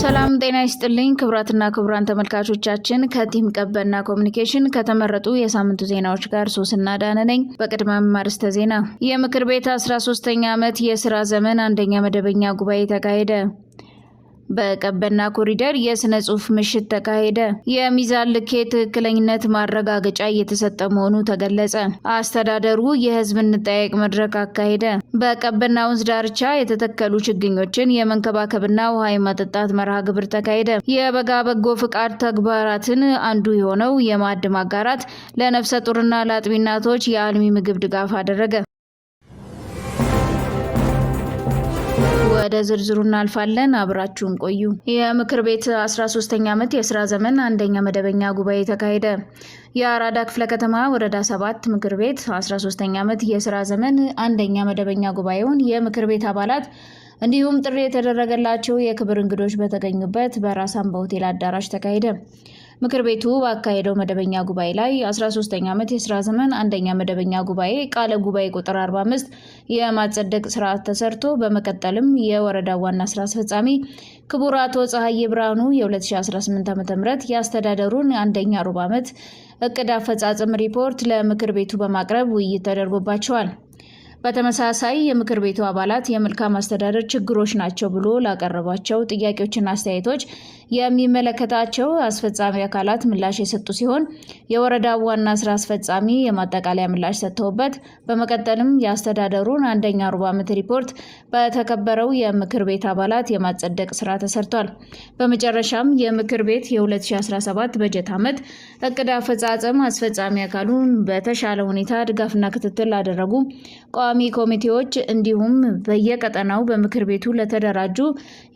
ሰላም ጤና ይስጥልኝ ክብራትና ክቡራን ተመልካቾቻችን ከቲም ቀበና ኮሚኒኬሽን ከተመረጡ የሳምንቱ ዜናዎች ጋር ሶስና ዳነ ነኝ። በቅድመ አርዕስተ ዜና የምክር ቤት 13ኛ ዓመት የስራ ዘመን አንደኛ መደበኛ ጉባኤ ተካሄደ። በቀበና ኮሪደር የስነ ጽሁፍ ምሽት ተካሄደ። የሚዛን ልኬ ትክክለኝነት ማረጋገጫ እየተሰጠ መሆኑ ተገለጸ። አስተዳደሩ የህዝብ እንጠያየቅ መድረክ አካሄደ። በቀበና ወንዝ ዳርቻ የተተከሉ ችግኞችን የመንከባከብና ውሃ የማጠጣት መርሃ ግብር ተካሄደ። የበጋ በጎ ፍቃድ ተግባራትን አንዱ የሆነው የማዕድ ማጋራት ለነፍሰ ጡርና ለአጥቢ እናቶች የአልሚ ምግብ ድጋፍ አደረገ። ወደ ዝርዝሩ እናልፋለን። አብራችሁን ቆዩ። የምክር ቤት 13ኛ ዓመት የስራ ዘመን አንደኛ መደበኛ ጉባኤ ተካሄደ። የአራዳ ክፍለ ከተማ ወረዳ ሰባት ምክር ቤት 13ኛ ዓመት የስራ ዘመን አንደኛ መደበኛ ጉባኤውን የምክር ቤት አባላት እንዲሁም ጥሪ የተደረገላቸው የክብር እንግዶች በተገኙበት በራስ አምባ ሆቴል አዳራሽ ተካሄደ። ምክር ቤቱ ባካሄደው መደበኛ ጉባኤ ላይ 13ኛ ዓመት የስራ ዘመን አንደኛ መደበኛ ጉባኤ ቃለ ጉባኤ ቁጥር 45 የማጸደቅ ስርዓት ተሰርቶ በመቀጠልም የወረዳ ዋና ስራ አስፈጻሚ ክቡር አቶ ፀሐዬ ብርሃኑ የ2018 ዓ ም የአስተዳደሩን አንደኛ ሩብ ዓመት እቅድ አፈጻጽም ሪፖርት ለምክር ቤቱ በማቅረብ ውይይት ተደርጎባቸዋል። በተመሳሳይ የምክር ቤቱ አባላት የመልካም አስተዳደር ችግሮች ናቸው ብሎ ላቀረቧቸው ጥያቄዎችና አስተያየቶች የሚመለከታቸው አስፈጻሚ አካላት ምላሽ የሰጡ ሲሆን የወረዳው ዋና ስራ አስፈጻሚ የማጠቃለያ ምላሽ ሰጥተውበት በመቀጠልም የአስተዳደሩን አንደኛ ሩብ ዓመት ሪፖርት በተከበረው የምክር ቤት አባላት የማጸደቅ ስራ ተሰርቷል። በመጨረሻም የምክር ቤት የ2017 በጀት ዓመት እቅድ አፈጻጸም አስፈጻሚ አካሉን በተሻለ ሁኔታ ድጋፍና ክትትል አደረጉ። ቋሚ ኮሚቴዎች እንዲሁም በየቀጠናው በምክር ቤቱ ለተደራጁ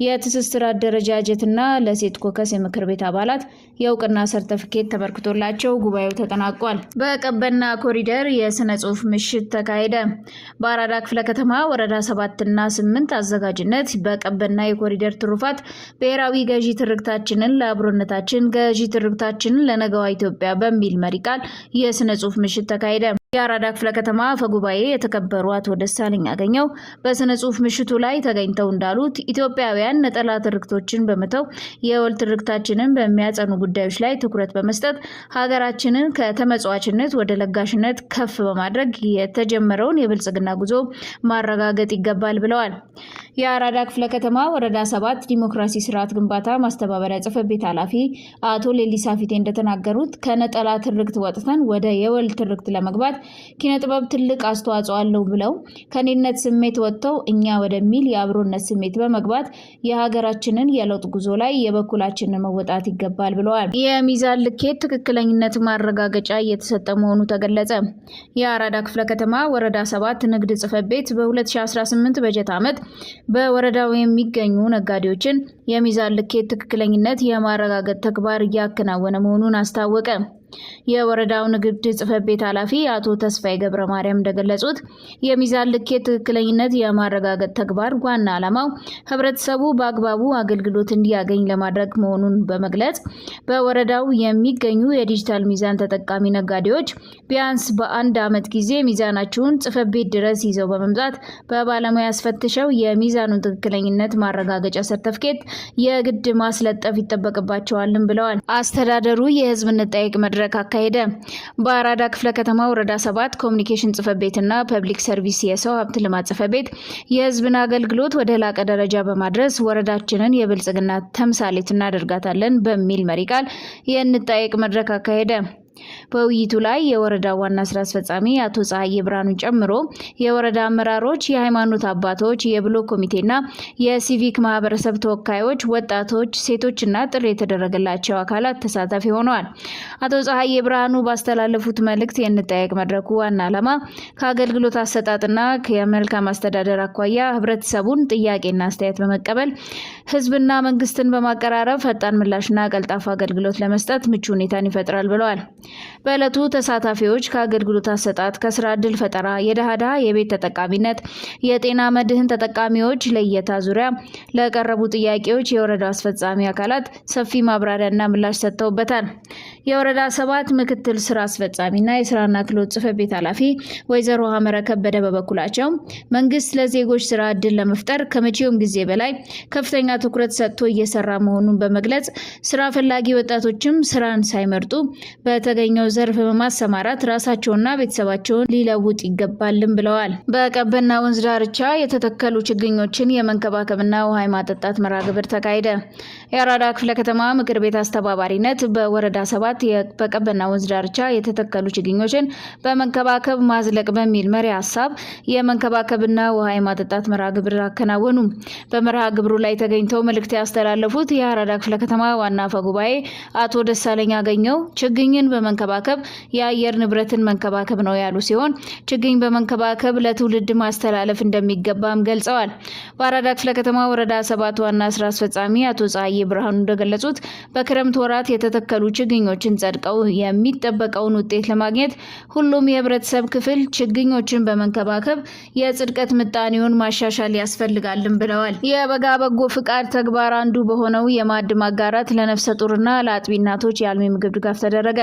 የትስስር አደረጃጀትና ለሴት ኮከስ የምክር ቤት አባላት የእውቅና ሰርተፍኬት ተበርክቶላቸው ጉባኤው ተጠናቋል። በቀበና ኮሪደር የስነ ጽሁፍ ምሽት ተካሄደ። በአራዳ ክፍለ ከተማ ወረዳ ሰባትና ስምንት አዘጋጅነት በቀበና የኮሪደር ትሩፋት ብሔራዊ ገዢ ትርክታችንን ለአብሮነታችን ገዢ ትርክታችንን ለነገዋ ኢትዮጵያ በሚል መሪ ቃል የስነ ጽሁፍ ምሽት ተካሄደ። የአራዳ ክፍለ ከተማ ፈጉባኤ የተከበሩ አቶ ደሳለኝ አገኘው በስነ ጽሁፍ ምሽቱ ላይ ተገኝተው እንዳሉት ኢትዮጵያውያን ነጠላ ትርክቶችን በመተው የወል ትርክታችንን በሚያጸኑ ጉዳዮች ላይ ትኩረት በመስጠት ሀገራችንን ከተመጽዋችነት ወደ ለጋሽነት ከፍ በማድረግ የተጀመረውን የብልጽግና ጉዞ ማረጋገጥ ይገባል ብለዋል። የአራዳ ክፍለ ከተማ ወረዳ ሰባት ዲሞክራሲ ስርዓት ግንባታ ማስተባበሪያ ጽፈት ቤት ኃላፊ አቶ ሌሊሳ ፊቴ እንደተናገሩት ከነጠላ ትርክት ወጥተን ወደ የወል ትርክት ለመግባት ኪነ ጥበብ ትልቅ አስተዋጽኦ አለው ብለው ከኔነት ስሜት ወጥተው እኛ ወደሚል የአብሮነት ስሜት በመግባት የሀገራችንን የለውጥ ጉዞ ላይ የበኩላችንን መወጣት ይገባል ብለዋል። የሚዛን ልኬት ትክክለኝነት ማረጋገጫ እየተሰጠ መሆኑ ተገለጸ። የአራዳ ክፍለ ከተማ ወረዳ ሰባት ንግድ ጽፈት ቤት በ2018 በጀት ዓመት በወረዳው የሚገኙ ነጋዴዎችን የሚዛን ልኬት ትክክለኝነት የማረጋገጥ ተግባር እያከናወነ መሆኑን አስታወቀ። የወረዳው ንግድ ጽሕፈት ቤት ኃላፊ አቶ ተስፋዬ ገብረ ማርያም እንደገለጹት የሚዛን ልኬት ትክክለኝነት የማረጋገጥ ተግባር ዋና ዓላማው ህብረተሰቡ በአግባቡ አገልግሎት እንዲያገኝ ለማድረግ መሆኑን በመግለጽ በወረዳው የሚገኙ የዲጂታል ሚዛን ተጠቃሚ ነጋዴዎች ቢያንስ በአንድ ዓመት ጊዜ ሚዛናችሁን ጽሕፈት ቤት ድረስ ይዘው በመምጣት በባለሙያ አስፈትሸው የሚዛኑን ትክክለኝነት ማረጋገጫ ሰርተፍኬት የግድ ማስለጠፍ ይጠበቅባቸዋልም ብለዋል። አስተዳደሩ የህዝብ እንጠይቅ መድረክ መድረክ አካሄደ። በአራዳ ክፍለ ከተማ ወረዳ ሰባት ኮሚኒኬሽን ጽህፈት ቤትና ፐብሊክ ሰርቪስ የሰው ሀብት ልማት ጽፈ ቤት የህዝብን አገልግሎት ወደ ላቀ ደረጃ በማድረስ ወረዳችንን የብልጽግና ተምሳሌት እናደርጋታለን በሚል መሪ ቃል የእንጠያየቅ መድረክ አካሄደ። በውይይቱ ላይ የወረዳ ዋና ስራ አስፈጻሚ አቶ ፀሐይ ብርሃኑን ጨምሮ የወረዳ አመራሮች፣ የሃይማኖት አባቶች፣ የብሎክ ኮሚቴና የሲቪክ ማህበረሰብ ተወካዮች፣ ወጣቶች፣ ሴቶችና ጥሪ የተደረገላቸው አካላት ተሳታፊ ሆነዋል። አቶ ፀሐይ ብርሃኑ ባስተላለፉት መልእክት የንጠያቅ መድረኩ ዋና ዓላማ ከአገልግሎት አሰጣጥና ከመልካም አስተዳደር አኳያ ህብረተሰቡን ጥያቄና አስተያየት በመቀበል ህዝብና መንግስትን በማቀራረብ ፈጣን ምላሽና ቀልጣፋ አገልግሎት ለመስጠት ምቹ ሁኔታን ይፈጥራል ብለዋል። በዕለቱ ተሳታፊዎች ከአገልግሎት አሰጣት ከስራ ዕድል ፈጠራ፣ የደሃዳ የቤት ተጠቃሚነት፣ የጤና መድህን ተጠቃሚዎች ለየታ ዙሪያ ለቀረቡ ጥያቄዎች የወረዳው አስፈጻሚ አካላት ሰፊ ማብራሪያና ምላሽ ሰጥተውበታል። የወረዳ ሰባት ምክትል ስራ አስፈጻሚና የስራና ክህሎት ጽሕፈት ቤት ኃላፊ ወይዘሮ ሀመረ ከበደ በበኩላቸው መንግስት ለዜጎች ስራ እድል ለመፍጠር ከመቼውም ጊዜ በላይ ከፍተኛ ትኩረት ሰጥቶ እየሰራ መሆኑን በመግለጽ ስራ ፈላጊ ወጣቶችም ስራን ሳይመርጡ በተገኘው ዘርፍ በማሰማራት ራሳቸውና ቤተሰባቸውን ሊለውጥ ይገባልም ብለዋል። በቀበና ወንዝ ዳርቻ የተተከሉ ችግኞችን የመንከባከብና ውሃ የማጠጣት መርሃ ግብር ተካሄደ። የአራዳ ክፍለ ከተማ ምክር ቤት አስተባባሪነት በወረዳ ሰባት ሰዓት በቀበና ወንዝ ዳርቻ የተተከሉ ችግኞችን በመንከባከብ ማዝለቅ በሚል መሪ ሀሳብ የመንከባከብና ውሃ የማጠጣት መርሃ ግብር አከናወኑ። በመርሃ ግብሩ ላይ ተገኝተው መልእክት ያስተላለፉት የአራዳ ክፍለ ከተማ ዋና አፈ ጉባኤ አቶ ደሳለኝ አገኘው ችግኝን በመንከባከብ የአየር ንብረትን መንከባከብ ነው ያሉ ሲሆን ችግኝ በመንከባከብ ለትውልድ ማስተላለፍ እንደሚገባም ገልጸዋል። በአራዳ ክፍለ ከተማ ወረዳ ሰባት ዋና ስራ አስፈጻሚ አቶ ፀሐዬ ብርሃኑ እንደገለጹት በክረምት ወራት የተተከሉ ችግኞች ፕሮጀክቶችን ጸድቀው የሚጠበቀውን ውጤት ለማግኘት ሁሉም የህብረተሰብ ክፍል ችግኞችን በመንከባከብ የጽድቀት ምጣኔውን ማሻሻል ያስፈልጋልን ብለዋል። የበጋ በጎ ፍቃድ ተግባር አንዱ በሆነው የማዕድ ማጋራት ለነፍሰ ጡርና ለአጥቢ እናቶች የአልሚ ምግብ ድጋፍ ተደረገ።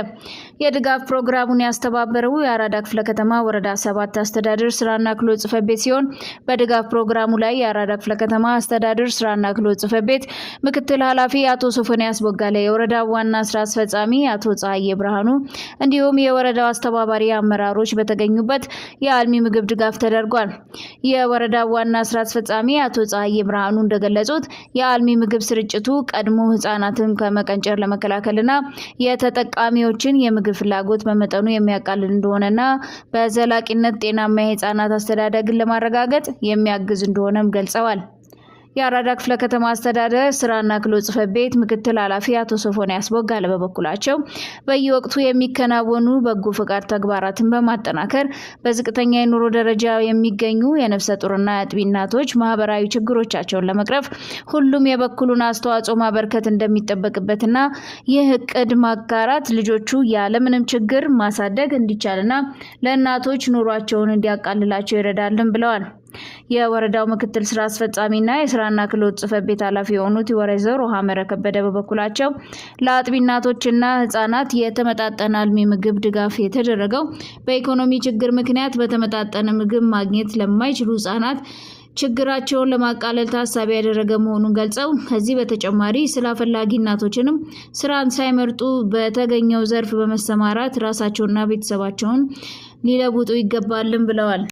የድጋፍ ፕሮግራሙን ያስተባበረው የአራዳ ክፍለ ከተማ ወረዳ ሰባት አስተዳደር ስራና ክሎ ጽፈት ቤት ሲሆን በድጋፍ ፕሮግራሙ ላይ የአራዳ ክፍለ ከተማ አስተዳደር ስራና ክሎ ጽፈት ቤት ምክትል ኃላፊ አቶ ሶፎንያስ ቦጋለ፣ የወረዳ ዋና ስራ አስፈጻሚ አቶ ጸሐዬ ብርሃኑ እንዲሁም የወረዳው አስተባባሪ አመራሮች በተገኙበት የአልሚ ምግብ ድጋፍ ተደርጓል። የወረዳው ዋና ስራ አስፈጻሚ አቶ ጸሐዬ ብርሃኑ እንደገለጹት የአልሚ ምግብ ስርጭቱ ቀድሞ ህጻናትን ከመቀንጨር ለመከላከልና የተጠቃሚዎችን የምግብ ፍላጎት በመጠኑ የሚያቃልል እንደሆነና በዘላቂነት ጤናማ የህጻናት አስተዳደግን ለማረጋገጥ የሚያግዝ እንደሆነም ገልጸዋል። የአራዳ ክፍለ ከተማ አስተዳደር ስራና ክህሎት ጽሕፈት ቤት ምክትል ኃላፊ አቶ ሶፎንያስ ቦጋለ በበኩላቸው በየወቅቱ የሚከናወኑ በጎ ፈቃድ ተግባራትን በማጠናከር በዝቅተኛ የኑሮ ደረጃ የሚገኙ የነፍሰ ጡርና አጥቢ እናቶች ማህበራዊ ችግሮቻቸውን ለመቅረፍ ሁሉም የበኩሉን አስተዋጽኦ ማበርከት እንደሚጠበቅበትና ይህ እቅድ ማጋራት ልጆቹ ያለምንም ችግር ማሳደግ እንዲቻልና ለእናቶች ኑሯቸውን እንዲያቃልላቸው ይረዳልን ብለዋል። የወረዳው ምክትል ስራ አስፈጻሚና የስራና ክህሎት ጽፈት ቤት ኃላፊ የሆኑት ወይዘሮ ሀመረ ከበደ በበኩላቸው ለአጥቢ እናቶችና ህጻናት የተመጣጠነ አልሚ ምግብ ድጋፍ የተደረገው በኢኮኖሚ ችግር ምክንያት በተመጣጠነ ምግብ ማግኘት ለማይችሉ ህጻናት ችግራቸውን ለማቃለል ታሳቢ ያደረገ መሆኑን ገልጸው ከዚህ በተጨማሪ ስራ ፈላጊ እናቶችንም ስራን ሳይመርጡ በተገኘው ዘርፍ በመሰማራት ራሳቸውና ቤተሰባቸውን ሊለውጡ ይገባልን ብለዋል።